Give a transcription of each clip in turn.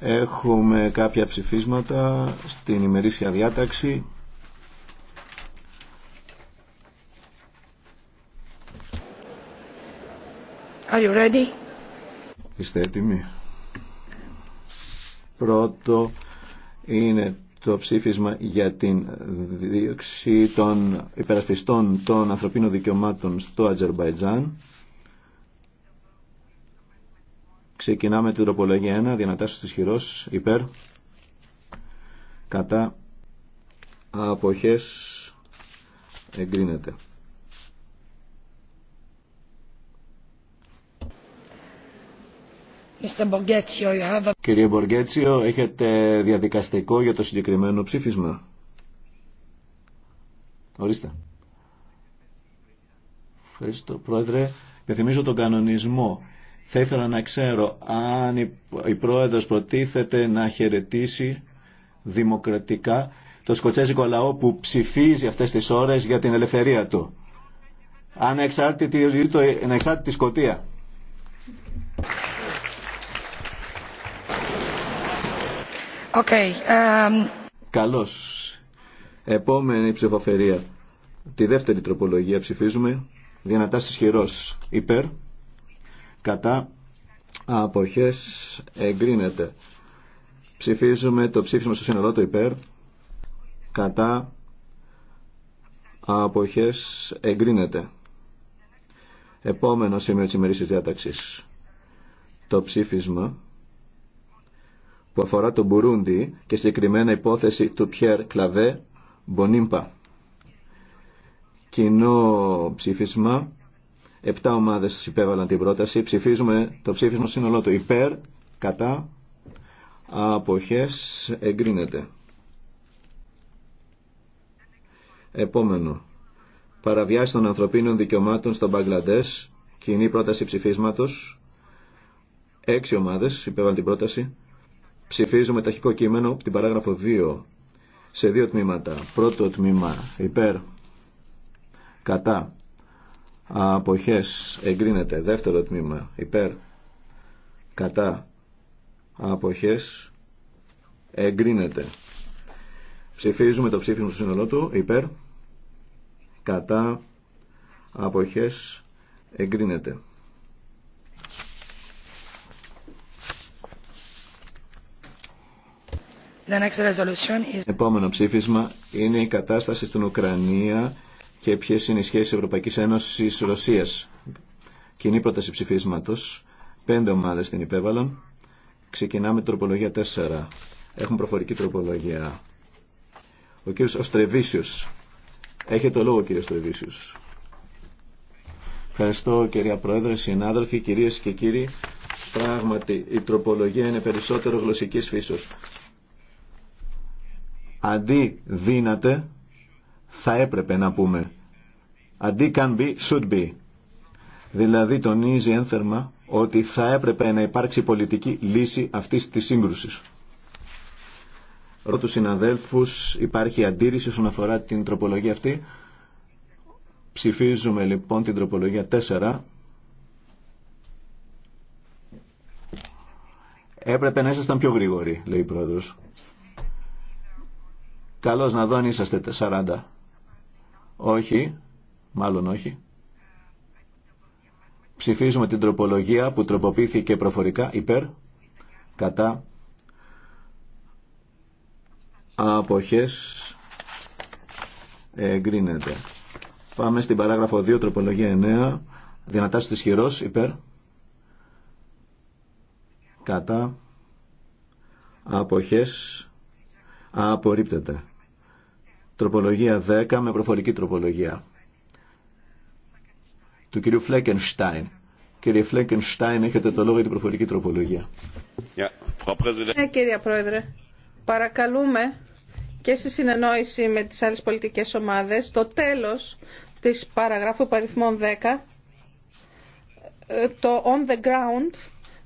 Έχουμε κάποια ψηφίσματα στην ημερήσια διάταξη. Are you ready? Είστε έτοιμοι. Πρώτο είναι το ψήφισμα για την δίωξη των υπερασπιστών των ανθρωπίνων δικαιωμάτων στο Αζερβαϊτζάν. Ξεκινάμε την τροπολογία 1, δυνατάσεις της χειρός, υπέρ, κατά, αποχές, εγκρίνεται. Κύριε Μποργέτσιο, έχετε διαδικαστικό για το συγκεκριμένο ψήφισμα. Ορίστε. Ευχαριστώ, Πρόεδρε. Και θυμίζω τον κανονισμό θα ήθελα να ξέρω αν η πρόεδρος προτίθεται να χαιρετήσει δημοκρατικά το σκοτσέζικο λαό που ψηφίζει αυτές τις ώρες για την ελευθερία του. Αν το, ανεξάρτητη σκοτία. Okay, um... Καλώς. Επόμενη ψηφοφορία. Τη δεύτερη τροπολογία ψηφίζουμε. Διανατάσεις χειρός. Υπέρ κατά αποχές εγκρίνεται. Ψηφίζουμε το ψήφισμα στο σύνολό του υπέρ κατά αποχές εγκρίνεται. Επόμενο σημείο της ημερήσης διάταξης. Το ψήφισμα που αφορά τον Μπουρούντι και συγκεκριμένα υπόθεση του Πιέρ Κλαβέ Μπονίμπα. Κοινό ψήφισμα Επτά ομάδες υπέβαλαν την πρόταση. Ψηφίζουμε το ψήφισμα σύνολό του. Υπέρ, κατά, αποχές, εγκρίνεται. Επόμενο. Παραβιάση των ανθρωπίνων δικαιωμάτων στον Μπαγκλαντές. Κοινή πρόταση ψηφίσματος. Έξι ομάδες υπέβαλαν την πρόταση. Ψηφίζουμε ταχικό κείμενο, από την παράγραφο 2, σε δύο τμήματα. Πρώτο τμήμα υπέρ, κατά, αποχές εγκρίνεται δεύτερο τμήμα υπέρ κατά αποχές εγκρίνεται ψηφίζουμε το ψήφισμα του σύνολό του υπέρ κατά αποχές εγκρίνεται Επόμενο ψήφισμα είναι η κατάσταση στην Ουκρανία και ποιε είναι οι σχέσει Ευρωπαϊκή Ένωση Ρωσία. Κοινή πρόταση ψηφίσματο. Πέντε ομάδε την υπέβαλαν. Ξεκινάμε τροπολογία 4. Έχουμε προφορική τροπολογία. Ο κύριος Οστρεβίσιο. Έχετε το λόγο κύριε Οστρεβίσιο. Ευχαριστώ κυρία Πρόεδρε, συνάδελφοι, κυρίε και κύριοι. Πράγματι, η τροπολογία είναι περισσότερο γλωσσική φύσεως. Αντί δύναται, θα έπρεπε να πούμε. Αντί can be, should be. Δηλαδή τονίζει ένθερμα ότι θα έπρεπε να υπάρξει πολιτική λύση αυτής της σύγκρουσης. Ρωτού συναδέλφους, υπάρχει αντίρρηση όσον αφορά την τροπολογία αυτή. Ψηφίζουμε λοιπόν την τροπολογία 4. Έπρεπε να ήσασταν πιο γρήγοροι, λέει η πρόεδρος. Καλώς να δω αν είσαστε 40. Όχι, μάλλον όχι. Ψηφίζουμε την τροπολογία που τροποποιήθηκε προφορικά υπέρ, κατά, αποχές, εγκρίνεται. Πάμε στην παράγραφο 2, τροπολογία 9, δυνατά της χειρός υπέρ, κατά, αποχές, απορρίπτεται. Τροπολογία 10 με προφορική τροπολογία του κυρίου Φλέκενστάιν. Κύριε Φλέκενστάιν, έχετε το λόγο για την προφορική τροπολογία. Ναι, κύριε Πρόεδρε, παρακαλούμε και στη συνεννόηση με τις άλλες πολιτικές ομάδες το τέλος της παραγράφου παριθμών 10 ε, το on the ground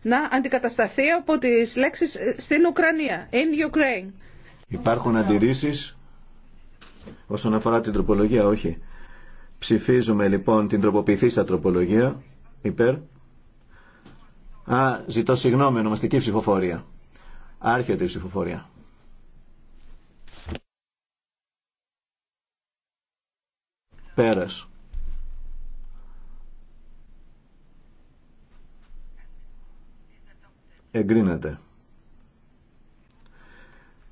να αντικατασταθεί από τις λέξεις ε, στην Ουκρανία, in Ukraine. Υπάρχουν αντιρρήσεις Όσον αφορά την τροπολογία, όχι. Ψηφίζουμε λοιπόν την τροποποιηθήσα τροπολογία. Υπέρ. Α, ζητώ συγγνώμη, ονομαστική ψηφοφορία. Άρχεται η ψηφοφορία. Πέρας. Εγκρίνεται.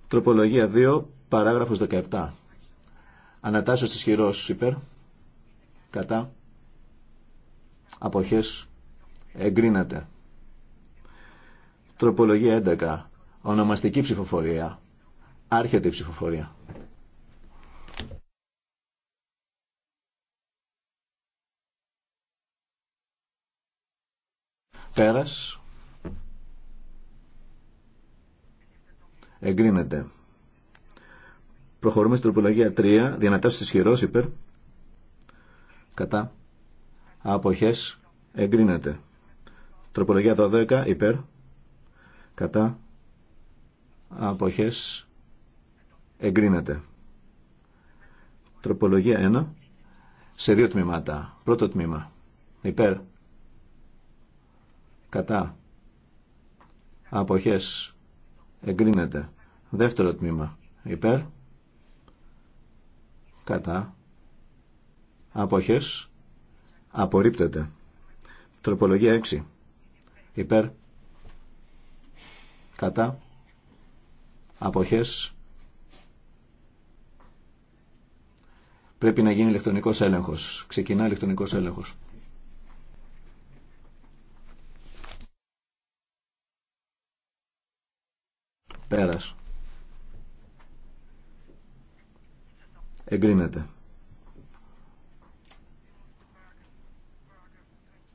Τροπολογία 2, παράγραφος 17. Ανατάσσεως της χειρός υπέρ. Κατά. Αποχές. Εγκρίνεται. Τροπολογία 11. Ονομαστική ψηφοφορία. Άρχεται η ψηφοφορία. Πέρας. Εγκρίνεται. Προχωρούμε στην τροπολογία 3. τη χειρό υπέρ. Κατά. Αποχέ, Εγκρίνεται. Τροπολογία 12 υπέρ. Κατά. Αποχέ. Εγκρίνεται. Τροπολογία 1. Σε δύο τμήματα. Πρώτο τμήμα. Υπέρ. Κατά. Αποχές. Εγκρίνεται. Δεύτερο τμήμα. Υπέρ κατά αποχές απορρίπτεται τροπολογία 6 υπέρ κατά αποχές πρέπει να γίνει ηλεκτρονικός έλεγχος ξεκινά ηλεκτρονικός έλεγχος πέρας εγκρίνεται.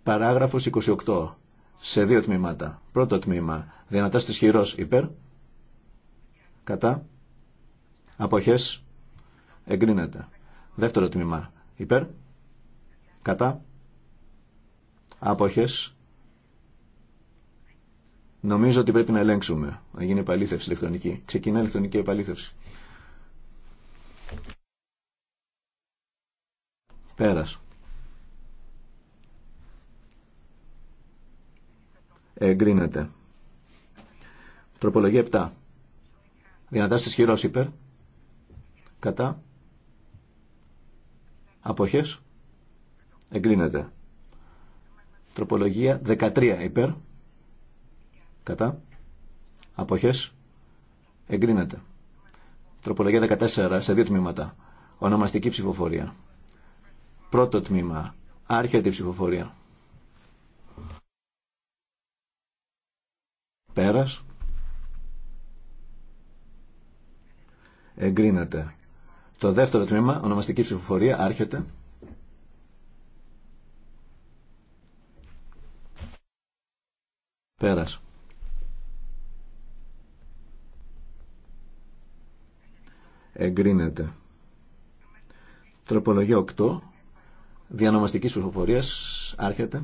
Παράγραφος 28. Σε δύο τμήματα. Πρώτο τμήμα. Δυνατά της χειρός υπέρ. Κατά. Αποχές. Εγκρίνεται. Δεύτερο τμήμα. Υπέρ. Κατά. Αποχές. Νομίζω ότι πρέπει να ελέγξουμε. Να γίνει επαλήθευση ηλεκτρονική. Ξεκινά ηλεκτρονική επαλήθευση. Πέρας. Εγκρίνεται. Τροπολογία 7. Δυνατάς ισχυρός υπέρ. Κατά. Αποχές. Εγκρίνεται. Τροπολογία 13 υπέρ. Κατά. Αποχές. Εγκρίνεται. Τροπολογία 14 σε δύο τμήματα. Ονομαστική ψηφοφορία. Πρώτο τμήμα. Άρχεται η ψηφοφορία. Πέρας. Εγκρίνεται. Το δεύτερο τμήμα, ονομαστική ψηφοφορία, άρχεται. Πέρας. Εγκρίνεται. Τροπολογία 8 διανομαστικής ψηφοφορίας άρχεται.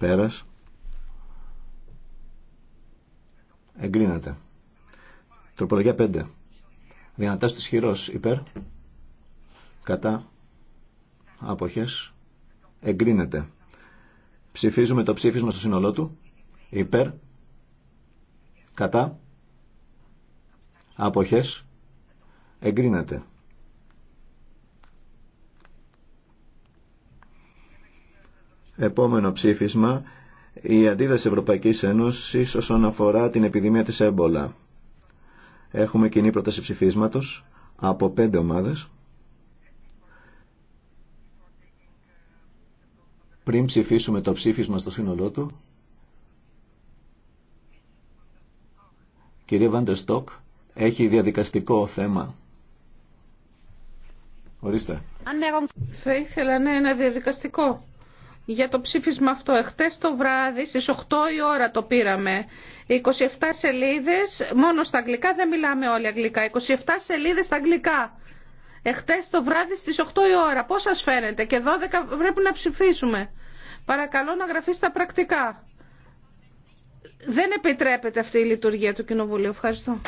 Πέρας. Εγκρίνεται. Τροπολογία 5. Δυνατάς της χειρός υπέρ. Κατά. Αποχές. Εγκρίνεται. Ψηφίζουμε το ψήφισμα στο σύνολό του. Υπέρ. Κατά. Αποχές εγκρίνεται. Επόμενο ψήφισμα, η αντίδραση Ευρωπαϊκής Ένωσης όσον αφορά την επιδημία της έμπολα. Έχουμε κοινή πρόταση ψηφίσματος από πέντε ομάδες. Πριν ψηφίσουμε το ψήφισμα στο σύνολό του, κυρία Βάντερ Στοκ, έχει διαδικαστικό θέμα. Ορίστε. Θα ήθελα ναι, ένα διαδικαστικό για το ψήφισμα αυτό. Εχθές το βράδυ στις 8 η ώρα το πήραμε. 27 σελίδες, μόνο στα αγγλικά δεν μιλάμε όλοι αγγλικά. 27 σελίδες στα αγγλικά. Εχθές το βράδυ στις 8 η ώρα. Πώς σας φαίνεται και 12 πρέπει να ψηφίσουμε. Παρακαλώ να γραφεί στα πρακτικά. Δεν επιτρέπεται αυτή η λειτουργία του Κοινοβουλίου. Ευχαριστώ.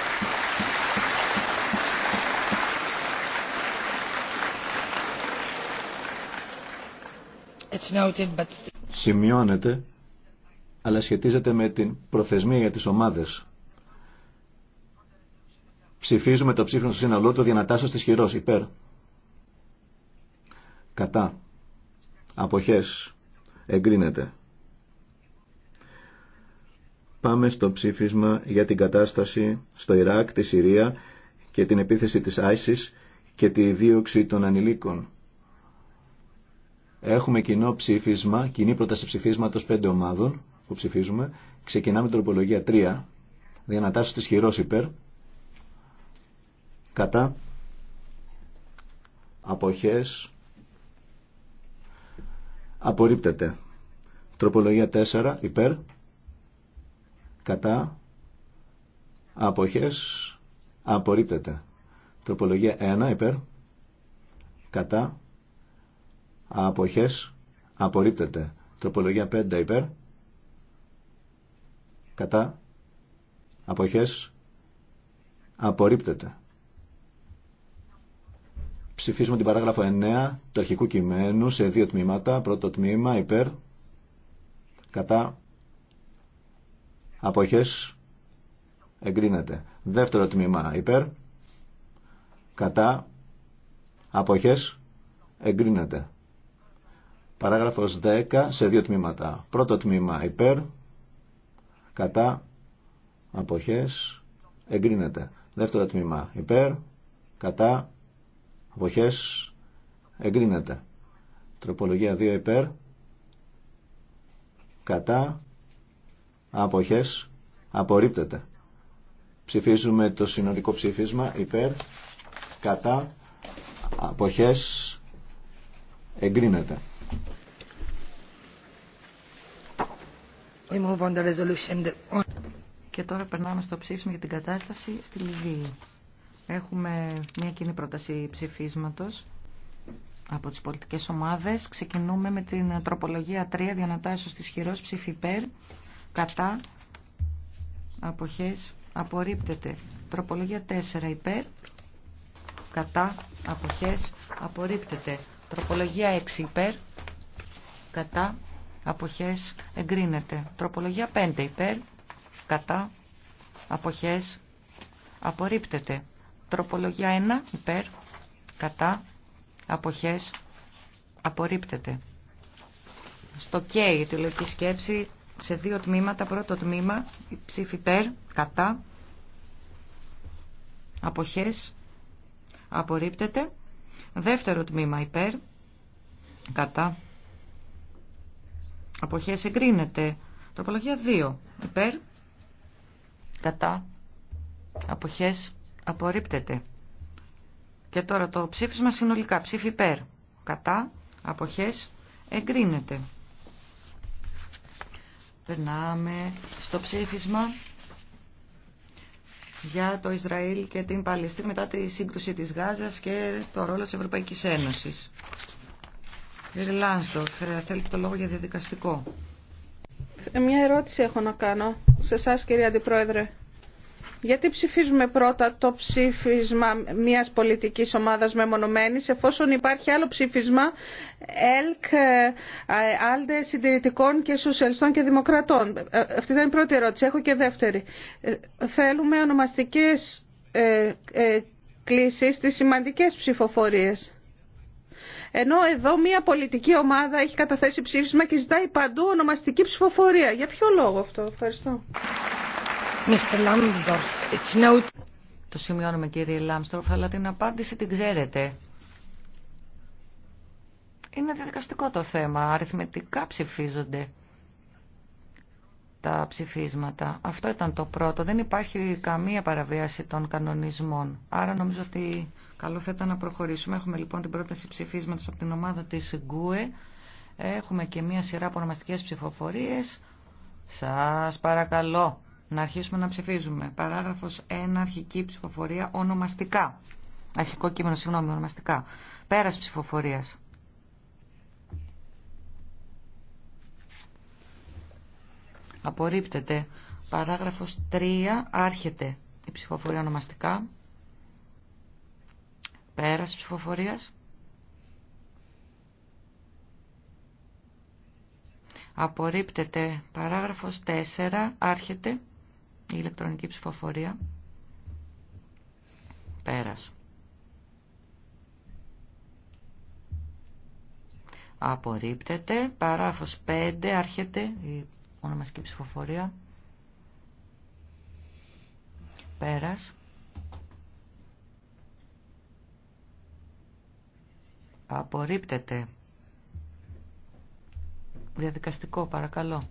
Σημειώνεται, αλλά σχετίζεται με την προθεσμία για τις ομάδες. Ψηφίζουμε το ψήφισμα στο σύνολό του διανατάσσεως της χειρός, υπέρ. Κατά. Αποχές. Εγκρίνεται. Πάμε στο ψήφισμα για την κατάσταση στο Ιράκ, τη Συρία και την επίθεση της ISIS και τη δίωξη των ανηλίκων. Έχουμε κοινό ψήφισμα, κοινή πρόταση ψηφίσματος πέντε ομάδων που ψηφίζουμε. Ξεκινάμε τροπολογία 3. Διανατάσσω της χειρός υπέρ. Κατά. Αποχές. Απορρίπτεται. Τροπολογία 4 υπέρ. Κατά. Αποχές. Απορρίπτεται. Τροπολογία 1 υπέρ. Κατά αποχές απορρίπτεται. Τροπολογία 5 υπέρ κατά αποχές απορρίπτεται. Ψηφίζουμε την παράγραφο 9 του αρχικού κειμένου σε δύο τμήματα. Πρώτο τμήμα υπέρ κατά αποχές εγκρίνεται. Δεύτερο τμήμα υπέρ κατά αποχές εγκρίνεται. Παράγραφος 10 σε δύο τμήματα. Πρώτο τμήμα υπέρ, κατά, αποχές, εγκρίνεται. Δεύτερο τμήμα υπέρ, κατά, αποχές, εγκρίνεται. Τροπολογία 2 υπέρ, κατά, αποχές, απορρίπτεται. Ψηφίζουμε το συνολικό ψήφισμα υπέρ, κατά, αποχές, εγκρίνεται. Και τώρα περνάμε στο ψήφισμα για την κατάσταση στη Λιβύη. Έχουμε μια κοινή πρόταση ψηφίσματος από τις πολιτικές ομάδες. Ξεκινούμε με την τροπολογία 3, διανατάσσεω της χειρός ψήφι υπέρ, κατά, αποχές, απορρίπτεται. Τροπολογία 4 υπέρ, κατά, αποχές, απορρίπτεται. Τροπολογία 6 υπέρ, κατά, αποχές, εγκρίνεται. Τροπολογία 5 υπέρ, κατά, αποχές, απορρίπτεται. Τροπολογία 1 υπέρ, κατά, αποχές, απορρίπτεται. Στο ΚΕΙ, η λογική σκέψη, σε δύο τμήματα, πρώτο τμήμα, ψήφι υπέρ, κατά, αποχές, απορρίπτεται. Δεύτερο τμήμα υπέρ, κατά, Αποχές εγκρίνεται. Τροπολογία 2. Υπέρ. Κατά. Αποχές απορρίπτεται. Και τώρα το ψήφισμα συνολικά. Ψήφι υπέρ. Κατά. Αποχές εγκρίνεται. Περνάμε στο ψήφισμα για το Ισραήλ και την Παλαιστίνη μετά τη σύγκρουση της Γάζας και το ρόλο της Ευρωπαϊκής Ένωσης. Κύριε Λάνσο, ε, θέλετε το λόγο για διαδικαστικό. Ε, μια ερώτηση έχω να κάνω σε εσά κύριε Αντιπρόεδρε. Γιατί ψηφίζουμε πρώτα το ψήφισμα μια πολιτικής ομάδας μεμονωμένη, εφόσον υπάρχει άλλο ψήφισμα ΕΛΚ, ε, ΑΛΔΕ, Συντηρητικών και Σοσιαλιστών και Δημοκρατών. Αυτή ήταν η πρώτη ερώτηση. Έχω και δεύτερη. Θέλουμε ονομαστικές κλήσεις στι σημαντικέ ψηφοφορίες. Ενώ εδώ μια πολιτική ομάδα έχει καταθέσει ψήφισμα και ζητάει παντού ονομαστική ψηφοφορία. Για ποιο λόγο αυτό. Ευχαριστώ. Mr. Lambsdorff, it's no... Το σημειώνουμε κύριε Λάμστροφ, αλλά την απάντηση την ξέρετε. Είναι διαδικαστικό το θέμα. Αριθμητικά ψηφίζονται τα ψηφίσματα. Αυτό ήταν το πρώτο. Δεν υπάρχει καμία παραβίαση των κανονισμών. Άρα νομίζω ότι καλό θα ήταν να προχωρήσουμε. Έχουμε λοιπόν την πρόταση ψηφίσματος από την ομάδα της ΓΚΟΕ. Έχουμε και μία σειρά από ονομαστικές ψηφοφορίες. Σας παρακαλώ να αρχίσουμε να ψηφίζουμε. Παράγραφος 1, αρχική ψηφοφορία ονομαστικά. Αρχικό κείμενο, συγγνώμη, ονομαστικά. Πέρας ψηφοφορίας. Απορρίπτεται. Παράγραφος 3. Άρχεται η ψηφοφορία ονομαστικά. Πέρας ψηφοφορίας. Απορρίπτεται. Παράγραφος 4. Άρχεται η ηλεκτρονική ψηφοφορία. Πέρας. Απορρίπτεται. Παράγραφος 5. Άρχεται η ονομαστική ψηφοφορία. Πέρας. Απορρίπτεται. Διαδικαστικό, παρακαλώ.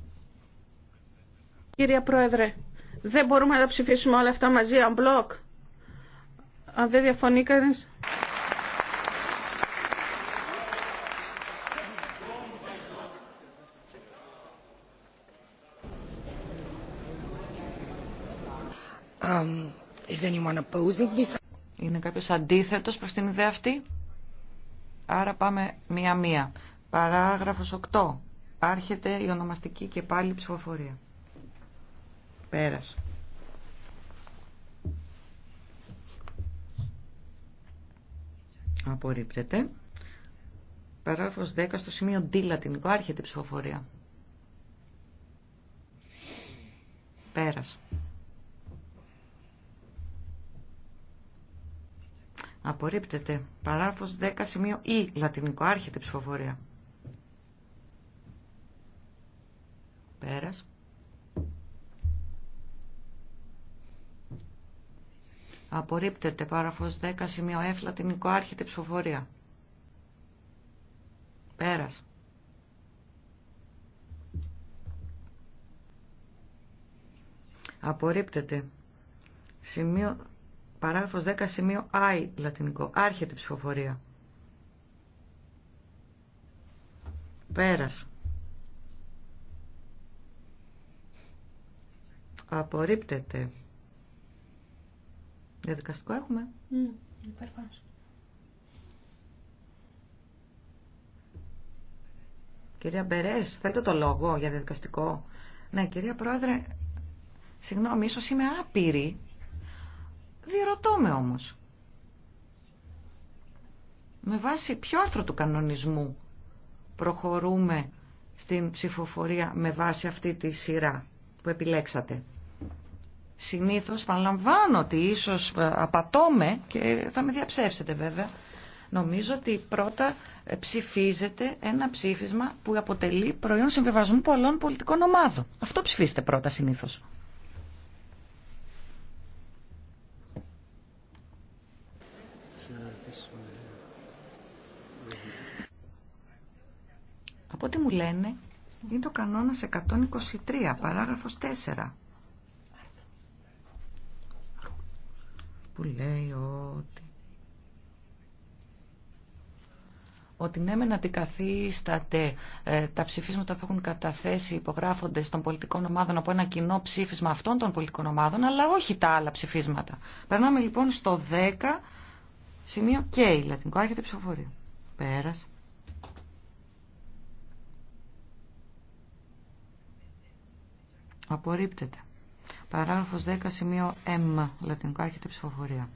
Κύριε Πρόεδρε, δεν μπορούμε να τα ψηφίσουμε όλα αυτά μαζί, αν μπλοκ. Αν δεν διαφωνεί κανείς. Είναι κάποιος αντίθετος προς την ιδέα αυτή. Άρα πάμε μία-μία. Παράγραφος 8. Άρχεται η ονομαστική και πάλι ψηφοφορία. Πέρασε. Απορρίπτεται. Παράγραφος 10 στο σημείο D λατινικό άρχεται η ψηφοφορία. Πέρασε. Απορρίπτεται. Παράγραφος 10 σημείο Ή λατινικό. Άρχεται η ψηφοφορία. Πέρας. Απορρίπτεται. Παράγραφος 10 σημείο F λατινικό. Άρχεται ψηφοφορία. Πέρας. λατινικο αρχεται ψηφοφορια Σημείο Παράγραφος 10 σημείο I λατινικό. Άρχεται η ψηφοφορία. Πέρας. Απορρίπτεται. Διαδικαστικό έχουμε. Κυρία Μπερές, θέλετε το λόγο για διαδικαστικό. Ναι, κυρία Πρόεδρε, συγγνώμη, ίσως είμαι άπειρη Διερωτώ με όμως. Με βάση ποιο άρθρο του κανονισμού προχωρούμε στην ψηφοφορία με βάση αυτή τη σειρά που επιλέξατε. Συνήθως παραλαμβάνω ότι ίσως ε, απατώμε και θα με διαψεύσετε βέβαια. Νομίζω ότι πρώτα ε, ψηφίζεται ένα ψήφισμα που αποτελεί προϊόν συμβιβασμού πολλών πολιτικών ομάδων. Αυτό ψηφίστε πρώτα συνήθως. Από ό,τι μου λένε, είναι το κανόνα 123, παράγραφος 4. Που λέει ότι ότι ναι μεν αντικαθίσταται ε, τα ψηφίσματα που έχουν καταθέσει υπογράφονται των πολιτικών ομάδων από ένα κοινό ψήφισμα αυτών των πολιτικών ομάδων, αλλά όχι τα άλλα ψηφίσματα. Περνάμε λοιπόν στο 10 Σημείο K, λατινικό, άρχεται ψηφοφορία. Πέρας. Απορρίπτεται. Παράγραφος 10, σημείο M, λατινικό, άρχεται ψηφοφορία.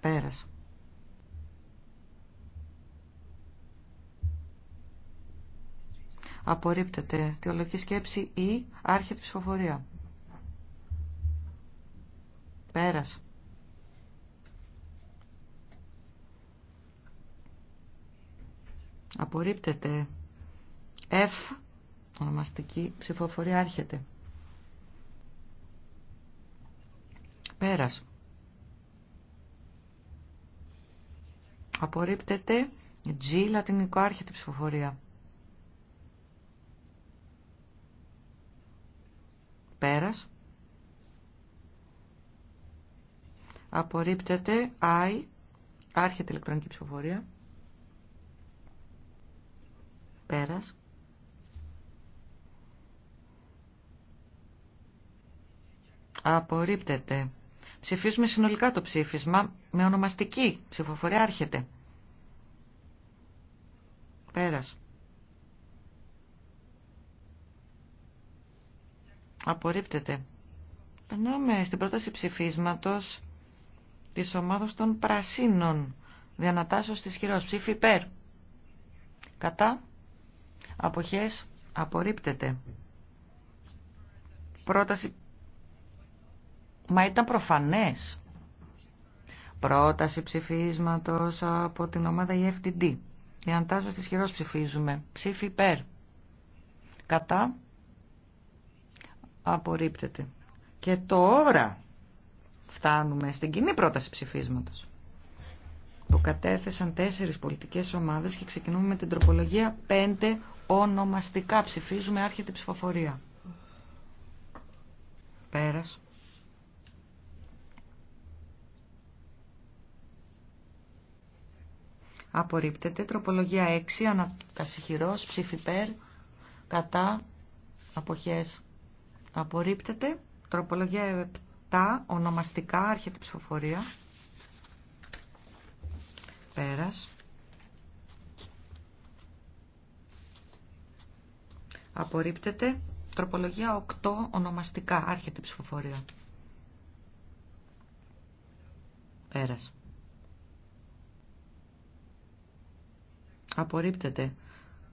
Πέρας. Απορρίπτεται. Θεολογική σκέψη ή e, άρχεται ψηφοφορία. Πέρας. Απορρίπτεται. F. Ονομαστική ψηφοφορία άρχεται. Πέρας. Απορρίπτεται. G. Λατινικό άρχεται ψηφοφορία. Πέρας. Απορρίπτεται. I. Άρχεται ηλεκτρονική ψηφοφορία. Πέρας. Απορρίπτεται. Ψηφίζουμε συνολικά το ψήφισμα με ονομαστική ψηφοφορία άρχεται. Πέρας. Απορρίπτεται. Περνάμε στην πρόταση ψηφίσματος της ομάδος των Πρασίνων. Διανατάσσω της χειρός. Ψήφι υπέρ. Κατά. Αποχές απορρίπτεται. Πρόταση... Μα ήταν προφανές. Πρόταση ψηφίσματος από την ομάδα EFTD. τάσω στις χειρός ψηφίζουμε. Ψήφι υπέρ. Κατά. Απορρίπτεται. Και τώρα φτάνουμε στην κοινή πρόταση ψηφίσματος που κατέθεσαν τέσσερις πολιτικές ομάδες και ξεκινούμε με την τροπολογία 5 Ονομαστικά ψηφίζουμε άρχεται ψηφοφορία. Πέρας. Απορρίπτεται. Τροπολογία 6. Ανακασυχηρός. Ψήφι περ. Κατά. Αποχές. Απορρίπτεται. Τροπολογία 7. Ονομαστικά. Άρχεται ψηφοφορία. Πέρας. Απορρίπτεται. Τροπολογία 8 ονομαστικά. Άρχεται η ψηφοφορία. Πέρας. Απορρίπτεται.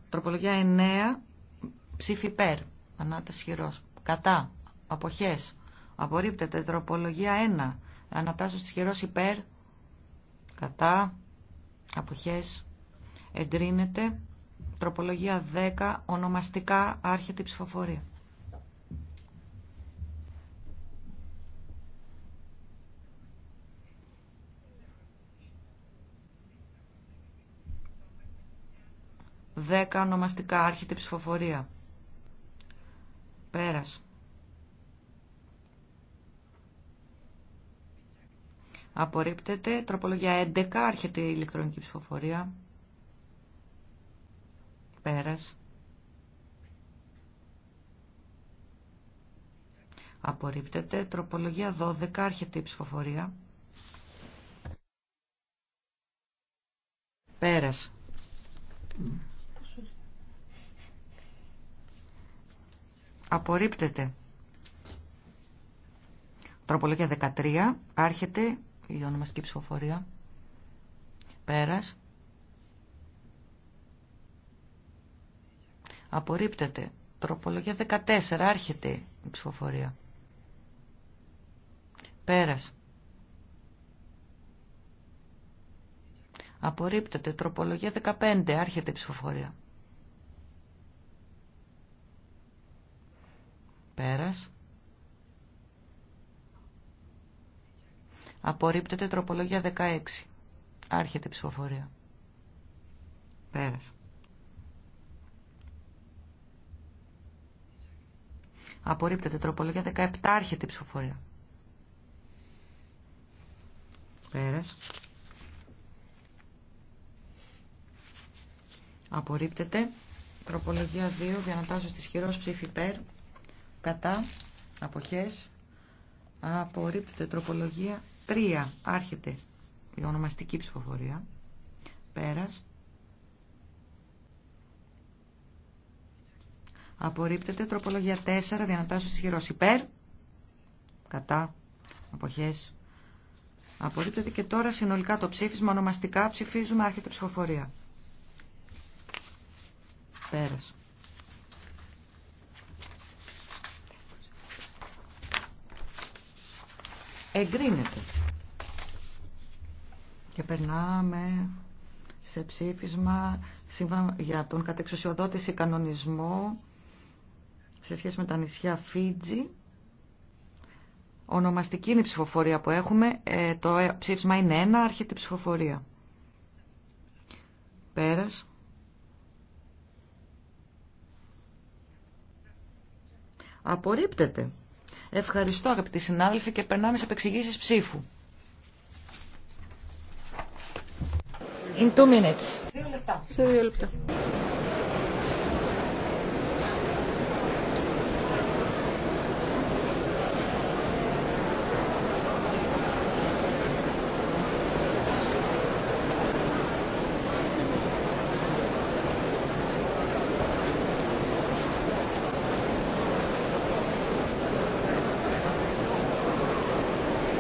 Τροπολογία 9. Ψήφι υπέρ. Ανάταση χειρός. Κατά. Αποχές. Απορρίπτεται. Τροπολογία 1. Ανατάσσος χειρός υπέρ. Κατά. Αποχές. Εντρίνεται. Τροπολογία 10. Ονομαστικά άρχεται η ψηφοφορία. Δέκα ονομαστικά άρχεται η ψηφοφορία. Πέρας. Απορρίπτεται. Τροπολογία 11. Άρχεται η ηλεκτρονική ψηφοφορία. Πέρας. Απορρίπτεται. Τροπολογία 12. Άρχεται η ψηφοφορία. Πέρας. Απορρίπτεται. Τροπολογία 13. Άρχεται η ονομαστική ψηφοφορία. Πέρας. Απορρίπτεται. Τροπολογία 14. Άρχεται η ψηφοφορία. Πέρας. Απορρίπτεται. Τροπολογία 15. Άρχεται η ψηφοφορία. Πέρας. Απορρίπτεται. Τροπολογία 16. Άρχεται η ψηφοφορία. Πέρας. Απορρίπτεται. Τροπολογία 17. Άρχεται η ψηφοφορία. Πέρας. Απορρίπτεται. Τροπολογία 2. Διανατάσσεως της χειρός ψήφι υπέρ. Κατά. Αποχές. Απορρίπτεται. Τροπολογία 3. Άρχεται η ονομαστική ψηφοφορία. Πέρας. Απορρίπτεται τροπολογία 4, διανατάσσεως ισχυρός υπέρ. Κατά. Αποχές. Απορρίπτεται και τώρα συνολικά το ψήφισμα. Ονομαστικά ψηφίζουμε άρχεται ψηφοφορία. Πέρας. Εγκρίνεται. Και περνάμε σε ψήφισμα σύμφωνα για τον κατεξουσιοδότηση κανονισμό σε σχέση με τα νησιά Φίτζι. Ονομαστική είναι η ψηφοφορία που έχουμε. Ε, το ε, ψήφισμα είναι ένα, άρχεται η ψηφοφορία. Πέρας. Απορρίπτεται. Ευχαριστώ αγαπητοί συνάδελφοι και περνάμε σε επεξηγήσεις ψήφου. In two minutes. Σε δύο λεπτά.